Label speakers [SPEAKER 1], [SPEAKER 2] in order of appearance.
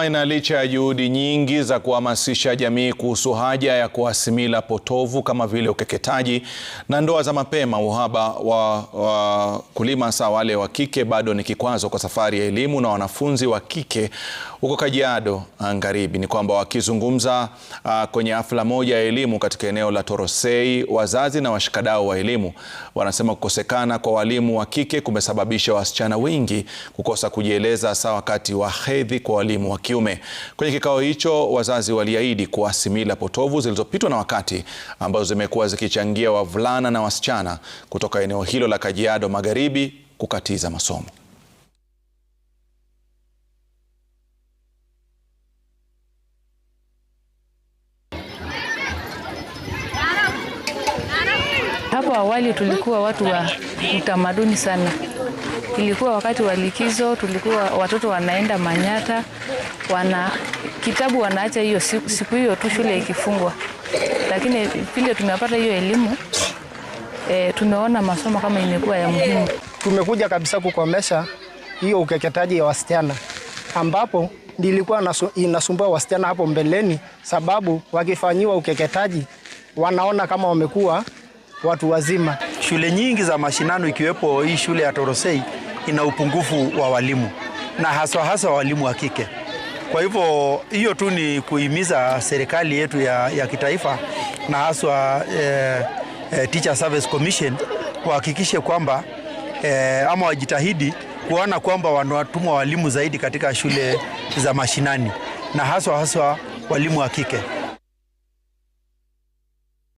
[SPEAKER 1] Aina, licha ya juhudi nyingi za kuhamasisha jamii kuhusu haja ya kuasimila potovu kama vile ukeketaji na ndoa za mapema, uhaba wa, wa kulima hasa wale wa kike bado ni kikwazo kwa safari ya elimu na wanafunzi wa kike huko Kajiado Magharibi. Ni kwamba wakizungumza uh, kwenye hafla moja ya elimu katika eneo la Torosei, wazazi na washikadau wa elimu wanasema kukosekana kwa walimu wa kike kumesababisha wasichana wengi kukosa kujieleza hasa wakati wa hedhi kwa walimu wa kike kiume. Kwenye kikao hicho, wazazi waliahidi kuasimila potovu zilizopitwa na wakati ambazo zimekuwa zikichangia wavulana na wasichana kutoka eneo hilo la Kajiado Magharibi kukatiza masomo.
[SPEAKER 2] Hapo awali tulikuwa watu wa utamaduni sana. Ilikuwa wakati wa likizo, tulikuwa watoto wanaenda Manyata, wana kitabu wanaacha hiyo siku hiyo tu, shule ikifungwa. Lakini vile tumepata hiyo elimu e, tumeona masomo kama imekuwa ya muhimu.
[SPEAKER 3] Tumekuja kabisa kukomesha hiyo ukeketaji ya wasichana ambapo ilikuwa inasumbua wasichana hapo mbeleni, sababu wakifanyiwa ukeketaji wanaona kama wamekuwa watu wazima
[SPEAKER 1] shule nyingi za mashinano ikiwepo hii shule ya Torosei ina upungufu wa walimu na haswa haswa walimu wa kike. Kwa hivyo hiyo tu ni kuhimiza serikali yetu ya, ya kitaifa na haswa eh, eh, Teacher Service Commission wahakikishe kwamba eh, ama wajitahidi kuona kwamba wanawatuma walimu zaidi katika shule za mashinani na haswa haswa walimu wa kike.